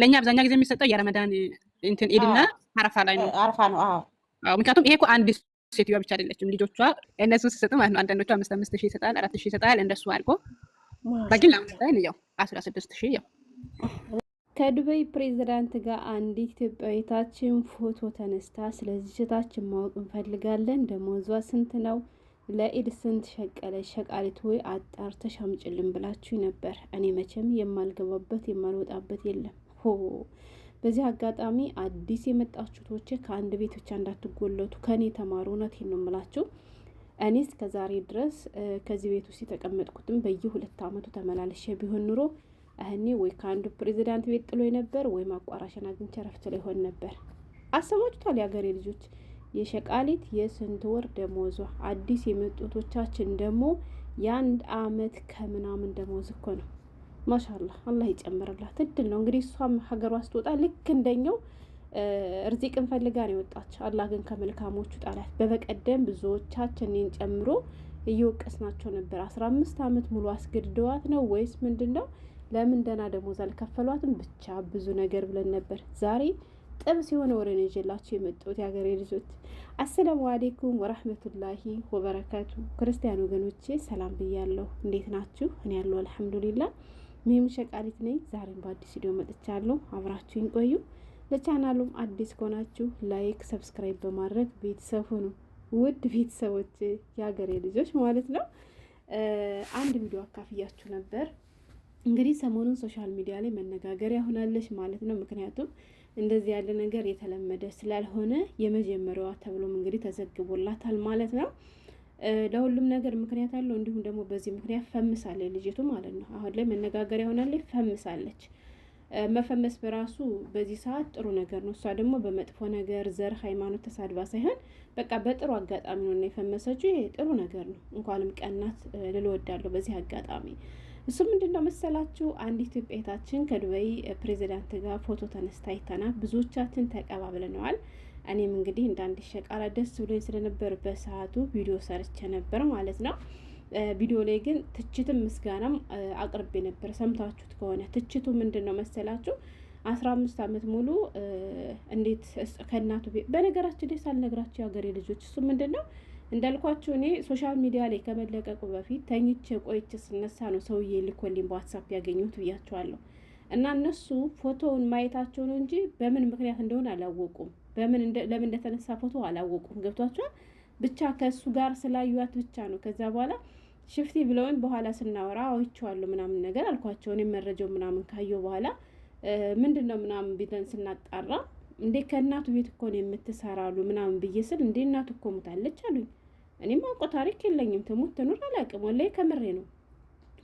ለእኛ አብዛኛ ጊዜ የሚሰጠው የረመዳን እንትን ኤድና አረፋ ላይ ነው። አረፋ ነው። ምክንያቱም ይሄ እኮ አንድ ሴትዮዋ ብቻ አይደለችም። ልጆቿ እነሱ ስሰጥ ማለት ነው አንዳንዶቹ አምስት አምስት ሺህ ይሰጣል፣ አራት ሺህ ይሰጣል። እንደሱ አድርጎ በግል አምስታይን ያው አስራ ስድስት ሺህ ያው ከዱበይ ፕሬዚዳንት ጋር አንዲት ኢትዮጵያዊታችን ፎቶ ተነስታ ስለዚህ እህታችን ማወቅ እንፈልጋለን። ደሞዟ ስንት ነው? ለኢድ ስንት ሸቀለች? ሸቃሊት ወይ አጣርተሽ አምጪልን ብላችሁ ነበር። እኔ መቼም የማልገባበት የማልወጣበት የለም። ሆ በዚህ አጋጣሚ አዲስ የመጣችሁ ከአንድ ቤት ብቻ እንዳትጎለቱ ከእኔ ተማሩ። እውነቴን ነው የምላችሁ። እኔ እስከ ዛሬ ድረስ ከዚህ ቤት ውስጥ የተቀመጥኩትም በየሁለት ዓመቱ ተመላለሸ ቢሆን ኑሮ እህኔ ወይ ከአንዱ ፕሬዚዳንት ቤት ጥሎ ነበር ወይም አቋራሽን አግኝቼ ረፍት ላይ ሆን ነበር። አሰባችሁታል የሀገሬ ልጆች የሸቃሊት የስንት ወር ደሞዟ። አዲስ የመጡቶቻችን ደግሞ የአንድ አመት ከምናምን ደሞዝ እኮ ነው። ማሻላ አላህ ይጨምርላት። እድል ነው እንግዲህ እሷም ሀገሯ ስትወጣ ልክ እንደኛው እርዚቅን ፈልጋ ነው የወጣች። አላህ ግን ከመልካሞቹ ጣላት። በበቀደም ብዙዎቻችን እኔን ጨምሮ እየወቀስናቸው ነበር። አስራ አምስት አመት ሙሉ አስገድደዋት ነው ወይስ ምንድን ነው? ለምን ደህና ደሞዝ አልከፈሏትም? ብቻ ብዙ ነገር ብለን ነበር። ዛሬ ጥብስ የሆነ ወሬ ነው ይዤላችሁ የመጣሁት የሀገሬ ልጆች። አሰላሙ አሌይኩም ወራህመቱላሂ ወበረካቱ። ክርስቲያን ወገኖቼ ሰላም ብያለሁ። እንዴት ናችሁ? እኔ ያለው አልሐምዱሊላ ሚም ሸቃሪት ነኝ። ዛሬም በአዲስ ቪዲዮ መጥቻለሁ። አብራችሁኝ ቆዩ። ለቻናሉም አዲስ ከሆናችሁ ላይክ፣ ሰብስክራይብ በማድረግ ቤተሰብ ሁኑ። ውድ ቤተሰቦች፣ የሀገሬ ልጆች ማለት ነው። አንድ ቪዲዮ አካፍያችሁ ነበር። እንግዲህ ሰሞኑን ሶሻል ሚዲያ ላይ መነጋገሪያ ሆናለች ማለት ነው። ምክንያቱም እንደዚህ ያለ ነገር የተለመደ ስላልሆነ የመጀመሪያዋ ተብሎም እንግዲህ ተዘግቦላታል ማለት ነው። ለሁሉም ነገር ምክንያት አለው። እንዲሁም ደግሞ በዚህ ምክንያት ፈምሳለች ልጅቱ ማለት ነው። አሁን ላይ መነጋገሪያ ሆናለች፣ ፈምሳለች። መፈመስ በራሱ በዚህ ሰዓት ጥሩ ነገር ነው። እሷ ደግሞ በመጥፎ ነገር ዘር፣ ሃይማኖት ተሳድባ ሳይሆን በቃ በጥሩ አጋጣሚ ነው እና የፈመሰችው። ይሄ ጥሩ ነገር ነው። እንኳንም ቀናት ልልወዳለሁ በዚህ አጋጣሚ እሱ ምንድን ነው መሰላችሁ አንድ ኢትዮጵያታችን ከዱበይ ፕሬዚዳንት ጋር ፎቶ ተነስታ ይተና ብዙዎቻችን ተቀባብለነዋል። እኔም እንግዲህ እንዳንድ ሸቃላ ደስ ብሎኝ ስለነበር በሰዓቱ ቪዲዮ ሰርቼ ነበር ማለት ነው። ቪዲዮ ላይ ግን ትችትም ምስጋናም አቅርቤ ነበር። ሰምታችሁት ከሆነ ትችቱ ምንድን ነው መሰላችሁ? አስራ አምስት ዓመት ሙሉ እንዴት ከእናቱ ቤት በነገራችን ላይ ሳልነግራችሁ የሀገሬ ልጆች እሱ ምንድን ነው እንዳልኳችሁ እኔ ሶሻል ሚዲያ ላይ ከመለቀቁ በፊት ተኝቼ ቆይቼ ስነሳ ነው ሰውዬ ልኮልኝ በዋትሳፕ ያገኙት ብያቸዋለሁ። እና እነሱ ፎቶውን ማየታቸው ነው እንጂ በምን ምክንያት እንደሆነ አላወቁም። በምን ለምን እንደተነሳ ፎቶ አላወቁም። ገብቷቸዋል። ብቻ ከእሱ ጋር ስላዩዋት ብቻ ነው። ከዛ በኋላ ሽፍቲ ብለውን በኋላ ስናወራ አውይቸዋለሁ ምናምን ነገር አልኳቸው። እኔም መረጃው ምናምን ካየው በኋላ ምንድን ነው ምናምን ቢለን ስናጣራ እንዴ ከእናቱ ቤት እኮ ነው የምትሰራሉ ምናምን ብዬ ስል እንዴ እናቱ እኮ ሙታለች አሉኝ። እኔም አውቆ ታሪክ የለኝም ትሙት ትኑር አላውቅም። ወላሂ ከምሬ ነው።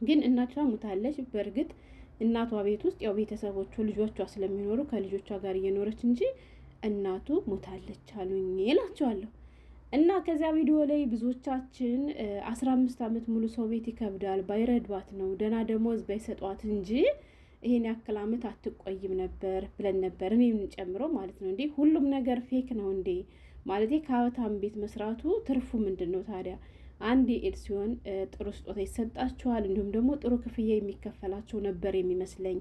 ግን እናቷ ሙታለች። በእርግጥ እናቷ ቤት ውስጥ ያው ቤተሰቦቿ ልጆቿ ስለሚኖሩ ከልጆቿ ጋር እየኖረች እንጂ እናቱ ሞታለች አሉኝ ይላችኋለሁ። እና ከዚያ ቪዲዮ ላይ ብዙዎቻችን አስራ አምስት ዓመት ሙሉ ሰው ቤት ይከብዳል፣ ባይረዷት ነው ደህና ደሞዝ ባይሰጧት እንጂ ይሄን ያክል ዓመት አትቆይም ነበር ብለን ነበር፣ እኔም ጨምሮ ማለት ነው። እንዴ ሁሉም ነገር ፌክ ነው እንዴ? ማለት ከሀብታም ቤት መስራቱ ትርፉ ምንድን ነው ታዲያ? አንድ የኤድ ሲሆን ጥሩ ስጦታ ይሰጣችኋል፣ እንዲሁም ደግሞ ጥሩ ክፍያ የሚከፈላቸው ነበር የሚመስለኝ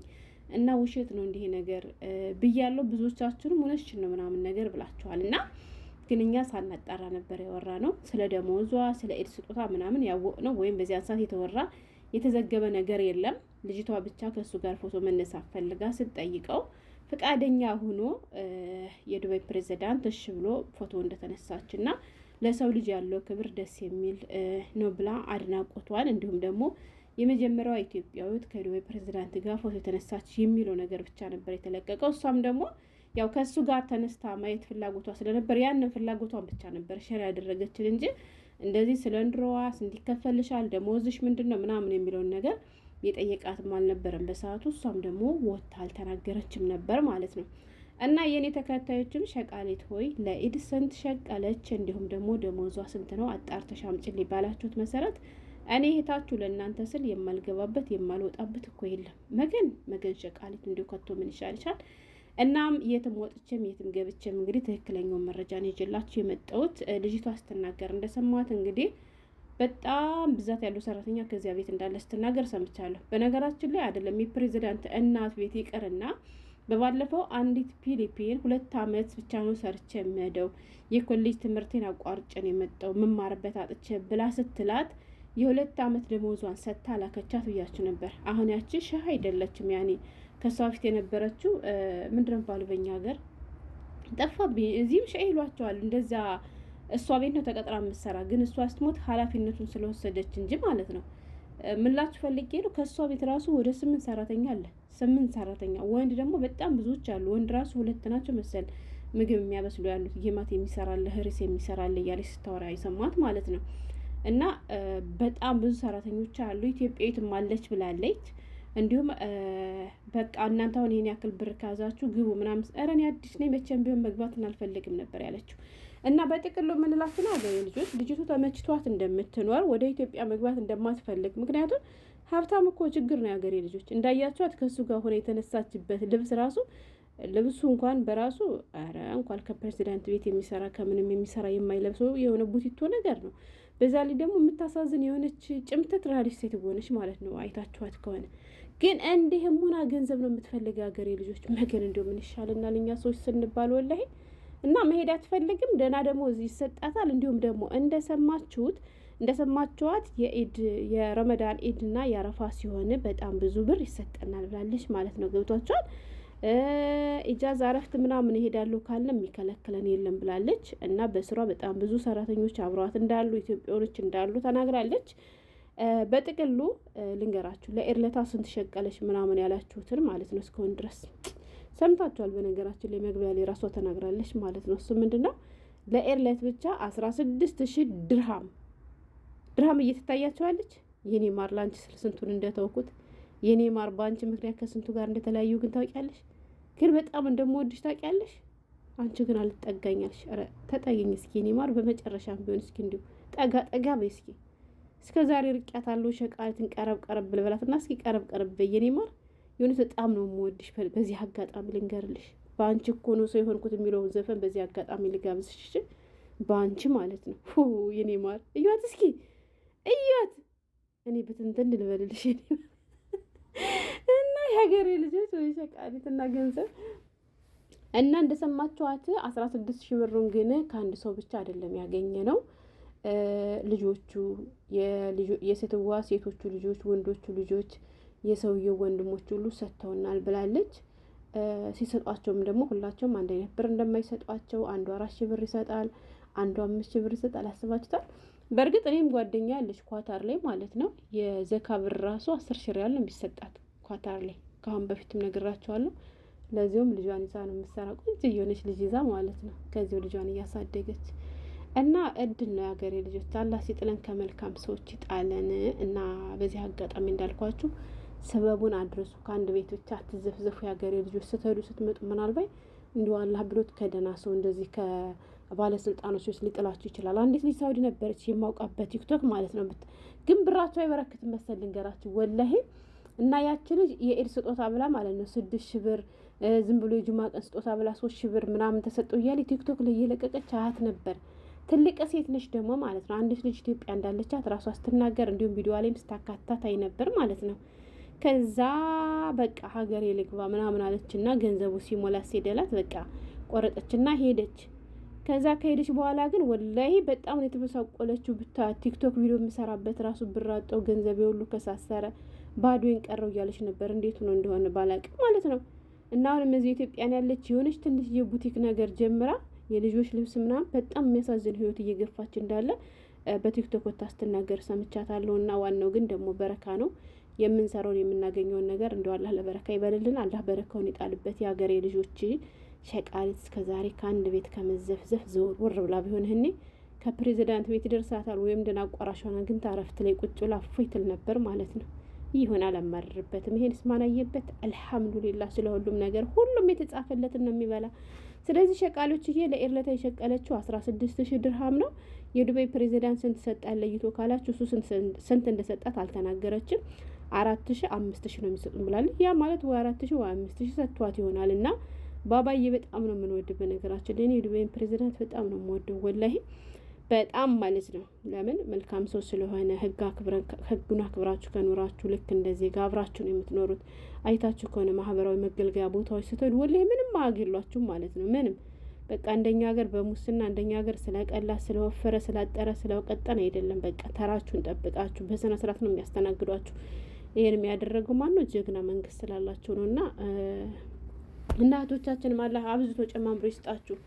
እና ውሸት ነው እንዲህ ነገር ብያለው። ብዙዎቻችሁንም እውነትሽን ነው ምናምን ነገር ብላችኋል። እና ግን እኛ ሳናጣራ ነበር ያወራ ነው ስለ ደሞዟ፣ ስለ ኤድ ስጦታ ምናምን ያወቅ ነው ወይም በዚያን ሰዓት የተወራ የተዘገበ ነገር የለም። ልጅቷ ብቻ ከእሱ ጋር ፎቶ መነሳት ፈልጋ ስትጠይቀው ፈቃደኛ ሆኖ የዱባይ ፕሬዚዳንት እሺ ብሎ ፎቶ እንደተነሳች እና ለሰው ልጅ ያለው ክብር ደስ የሚል ነው ብላ አድናቆቷን እንዲሁም ደግሞ የመጀመሪያዋ ኢትዮጵያዊት ከዱባይ ፕሬዚዳንት ጋር ፎቶ የተነሳች የሚለው ነገር ብቻ ነበር የተለቀቀው። እሷም ደግሞ ያው ከእሱ ጋር ተነስታ ማየት ፍላጎቷ ስለነበር ያንን ፍላጎቷን ብቻ ነበር ሸር ያደረገችን እንጂ እንደዚህ ስለ እንድሮዋስ እንዲከፈልሻል ደሞዝሽ ምንድን ነው ምናምን የሚለውን ነገር የጠየቃትም አልነበረም በሰዓቱ። እሷም ደግሞ ወታ አልተናገረችም ነበር ማለት ነው። እና የእኔ ተከታዮችም ሸቃሌት ሆይ ለኢድ ስንት ሸቀለች፣ እንዲሁም ደግሞ ደሞዟ ስንት ነው አጣርተሽ አምጪልኝ ባላችሁት መሰረት እኔ እህታችሁ ለእናንተ ስል የማልገባበት የማልወጣበት እኮ የለም። መገን መገን ሸቃሊት እንዲሁ ከቶ ምን ይሻል ይሻል። እናም የትም ወጥቼም የትም ገብቼም እንግዲህ ትክክለኛውን መረጃ ነው ይዤላችሁ የመጣሁት። ልጅቷ ስትናገር እንደሰማት እንግዲህ በጣም ብዛት ያለው ሰራተኛ ከዚያ ቤት እንዳለ ስትናገር ሰምቻለሁ። በነገራችን ላይ አይደለም የፕሬዚዳንት እናት ቤት ይቅርና በባለፈው አንዲት ፊሊፒን ሁለት ዓመት ብቻ ነው ሰርቼ የምሄደው የኮሌጅ ትምህርቴን አቋርጬ ነው የመጣው የምማርበት አጥቼ ብላ ስትላት የሁለት ዓመት ደሞዟን ሰጥታ ላከቻት ብያችሁ ነበር። አሁን ያቺ ሸህ አይደለችም። ያኔ ከእሷ በፊት የነበረችው ምንድን ነው ባሉ በኛ ሀገር ጠፋብኝ። እዚህም ሸህ ይሏቸዋል እንደዚያ። እሷ ቤት ነው ተቀጥራ የምትሰራ፣ ግን እሷ ስትሞት ኃላፊነቱን ስለወሰደች እንጂ ማለት ነው። ምላችሁ ፈልጌ ነው። ከእሷ ቤት ራሱ ወደ ስምንት ሰራተኛ አለ። ስምንት ሰራተኛ ወንድ ደግሞ በጣም ብዙዎች አሉ። ወንድ ራሱ ሁለት ናቸው መሰል ምግብ የሚያበስሉ ያሉት። ጌማት የሚሰራለ ህርስ የሚሰራለ እያለች ስታወራ የሰማት ማለት ነው። እና በጣም ብዙ ሰራተኞች አሉ። ኢትዮጵያዊትም አለች ብላለች። እንዲሁም በቃ እናንተ አሁን ይህን ያክል ብር ካዛችሁ ግቡ ምናምን፣ ኧረ እኔ አዲስ ነኝ መቼም ቢሆን መግባት አልፈልግም ነበር ያለችው። እና በጥቅሉ የምንላችሁ ነው ልጆች፣ ልጅቱ ተመችቷት እንደምትኖር ወደ ኢትዮጵያ መግባት እንደማትፈልግ ምክንያቱም ሀብታም እኮ ችግር ነው ያገሬ ልጆች። እንዳያችኋት ከእሱ ጋር ሆነ የተነሳችበት ልብስ ራሱ ልብሱ እንኳን በራሱ አረ እንኳን ከፕሬዚዳንት ቤት የሚሰራ ከምንም የሚሰራ የማይለብሰው የሆነ ቡቲቶ ነገር ነው። በዛ ላይ ደግሞ የምታሳዝን የሆነች ጭምተት ራዲስ ሴት ሆነች ማለት ነው። አይታችኋት ከሆነ ግን እንዲህ ሆና ገንዘብ ነው የምትፈልግ ሀገሬ ልጆች መገን እንዲሁ ምን ይሻልናል እኛ ሰዎች ስንባል ወላሂ እና መሄድ አትፈልግም። ደህና ደግሞ እዚህ ይሰጣታል። እንዲሁም ደግሞ እንደሰማችሁት እንደሰማችኋት የኢድ የረመዳን ኢድና የአረፋ ሲሆን በጣም ብዙ ብር ይሰጠናል ብላለች ማለት ነው። ገብቷችኋል። ኢጃዝ አረፍት ምናምን ይሄዳሉ ካለ የሚከለክለን የለም ብላለች እና በስሯ በጣም ብዙ ሰራተኞች አብረዋት እንዳሉ ኢትዮጵያኖች እንዳሉ ተናግራለች። በጥቅሉ ልንገራችሁ ለኤርለታ ስንት ሸቀለች ምናምን ያላችሁትን ማለት ነው። እስከሆን ድረስ ሰምታችኋል። በነገራችን ላይ መግቢያ ላይ ራሷ ተናግራለች ማለት ነው። እሱ ምንድን ነው ለኤርለት ብቻ አስራ ስድስት ሺ ድርሃም ድርሃም እየትታያቸዋለች። የኔ ማር ላንቺ ስንቱን እንደተውኩት የኔ ማር በአንቺ ምክንያት ከስንቱ ጋር እንደተለያዩ ግን ታውቂያለሽ። ግን በጣም እንደምወድሽ ታውቂያለሽ። አንቺ ግን አልጠጋኛልሽ። ኧረ ተጠጊኝ እስኪ እኔ ማር በመጨረሻም ቢሆን እስኪ እንዲሁ ጠጋ ጠጋ በይ እስኪ። እስከ ዛሬ ርቄያታለሁ ሸቃሊትን ቀረብ ቀረብ ልበላትና እስኪ ቀረብ ቀረብ በይ እኔ ማር የሆነ በጣም ነው የምወድሽ። በዚህ አጋጣሚ ልንገርልሽ፣ በአንቺ እኮ ነው ሰው የሆንኩት የሚለውን ዘፈን በዚህ አጋጣሚ ልጋብዝሽ፣ በአንቺ ማለት ነው። የኔ ማር እያት እስኪ እያት፣ እኔ ብትንትን ልበልልሽ የሀገሬ ልጆች ወይ ሸቃሊትና ገንዘብ እና እንደሰማችኋት አስራ ስድስት ሺህ ብሩን ግን ከአንድ ሰው ብቻ አይደለም ያገኘ ነው። ልጆቹ የሴትዋ ሴቶቹ ልጆች፣ ወንዶቹ ልጆች፣ የሰውየው ወንድሞች ሁሉ ሰጥተውናል ብላለች። ሲሰጧቸውም ደግሞ ሁላቸውም አንድ አይነት ብር እንደማይሰጧቸው አንዱ አራት ሺህ ብር ይሰጣል፣ አንዱ አምስት ሺህ ብር ይሰጣል። አስባችሁታል? በእርግጥ እኔም ጓደኛ ያለች ኳታር ላይ ማለት ነው የዘካ ብር ራሱ አስር ሺህ ሪያል ነው የሚሰጣት ኳታር ላይ ከአሁን በፊትም ነግራቸዋለሁ። ለዚሁም ልጇን ይዛ ነው የምትሰራ። ቆንጆ የሆነች ልጅ ይዛ ማለት ነው። ከዚሁ ልጇን እያሳደገች እና እድል ነው የሀገሬ ልጆች። አላህ ሲጥለን ከመልካም ሰዎች ይጣለን እና በዚህ አጋጣሚ እንዳልኳችሁ ሰበቡን አድረሱ። ከአንድ ቤት ብቻ አትዘፍዘፉ። የሀገሬ ልጆች ስትሄዱ ስትመጡ ምናልባት እንዲሁ አላህ ብሎት ከደህና ሰው እንደዚህ ከባለስልጣኖች ውስጥ ሊጥላችሁ ይችላል። አንዲት ልጅ ሳውዲ ነበረች የማውቃበት ቲክቶክ ማለት ነው። ግን ብራቸው አይበረክትም መሰል ልንገራችሁ ወላሄ እና ያቺ ልጅ የኤድ ስጦታ ብላ ማለት ነው ስድስት ሺህ ብር ዝም ብሎ የጁማ ቀን ስጦታ ብላ ሶስት ሺህ ብር ምናምን ተሰጠው እያለ ቲክቶክ ላይ እየለቀቀች አያት ነበር። ትልቅ ሴት ልጅ ደግሞ ማለት ነው አንዲት ልጅ ኢትዮጵያ እንዳለቻት ራሷ ስትናገር እንዲሁም ቪዲዮ ላይም ስታካትታይ ነበር ማለት ነው። ከዛ በቃ ሀገሬ ልግባ ምናምን አለችና ገንዘቡ ሲሞላ ሴደላት በቃ ቆረጠችና ሄደች። ከዛ ከሄደች በኋላ ግን ወላሂ በጣም ነው የተበሳቆለችው። ብታ ቲክቶክ ቪዲዮ የምሰራበት ራሱ ብራጠው ገንዘብ የሁሉ ከሳሰረ ባዶን ቀረው እያለች ነበር። እንዴት ነው እንደሆነ ባላቅ ማለት ነው። እና አሁንም እዚህ ኢትዮጵያን ያለች የሆነች ትንሽ የቡቲክ ነገር ጀምራ የልጆች ልብስ ምናምን በጣም የሚያሳዝን ህይወት እየገፋች እንዳለ በቲክቶክ ወታ ስትናገር ሰምቻታለሁ። እና ዋናው ግን ደግሞ በረካ ነው የምንሰራውን የምናገኘውን ነገር እንደው አላህ ለበረካ ይበልልን። አላህ በረካውን ይጣልበት። የሀገሬ ልጆች ሸቃሪት እስከዛሬ ከአንድ ቤት ከመዘፍዘፍ ዘወር ወር ብላ ቢሆን ህኔ ከፕሬዚዳንት ቤት ይደርሳታል ወይም ደን ሆና ግን ታረፍት ላይ ቁጭ ብላ እፎይ ነበር ማለት ነው። ይሁን አላማርርበትም። ይሄን ስማናየበት አልሐምዱሊላ ስለ ሁሉም ነገር ሁሉም የተጻፈለትን ነው የሚበላ። ስለዚህ ሸቃሎችዬ ለኤርለታ የሸቀለችው አስራ ስድስት ሺህ ድርሃም ነው። የዱባይ ፕሬዚዳንት ስንት ሰጣት ለይቶ ካላችሁ እሱ ስንት እንደሰጣት አልተናገረችም። አራት ሺህ አምስት ሺህ ነው የሚሰጡን ብላለች። ያ ማለት ወይ አራት ሺህ ወይ አምስት ሺህ ሰጥቷት ይሆናል እና ባባዬ በጣም ነው የምንወድ። በነገራችን ላይ የዱባይን ፕሬዚዳንት በጣም ነው የምወደው ወላሂ በጣም ማለት ነው። ለምን መልካም ሰው ስለሆነ ህጉን አክብራችሁ ከኖራችሁ ልክ እንደዚህ ጋር አብራችሁ ነው የምትኖሩት። አይታችሁ ከሆነ ማህበራዊ መገልገያ ቦታዎች ስትሆን ወላሂ ምንም አያገሏችሁም ማለት ነው። ምንም በቃ እንደኛ ሀገር በሙስና እንደኛ ሀገር ስለቀላ ስለወፈረ ስላጠረ ስለቀጠን አይደለም። በቃ ተራችሁን ጠብቃችሁ በስነ ስርዓት ነው የሚያስተናግዷችሁ። ይሄን የሚያደረገው ማነው? ጀግና መንግስት ስላላቸው ነው። እና እናቶቻችንም አላህ አብዝቶ ጨማምሮ ይስጣችሁ።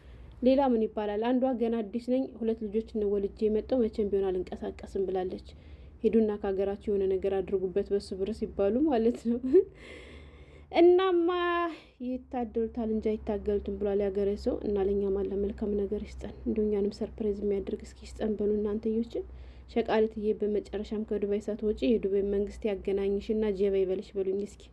ሌላ ምን ይባላል? አንዷ ገና አዲስ ነኝ ሁለት ልጆች ወልጄ የመጣው መቼም ቢሆን አልንቀሳቀስም ብላለች። ሄዱና ከሀገራቸው የሆነ ነገር አድርጉበት በሱ ብር ሲባሉ ማለት ነው። እናማ ይታደሉታል እንጂ አይታገሉትም ብሏል ያገረ ሰው። እና ለእኛም አለ መልካም ነገር ይስጠን፣ እንዲሁ እኛንም ሰርፕሬዝ የሚያደርግ እስኪ ይስጠን በሉ እናንተዮች። ሸቃሊትዬ በመጨረሻም ከዱባይ ሳት ወጪ የዱባይ መንግስት ያገናኝሽ እና ጀባ ይበልሽ በሉኝ እስኪ።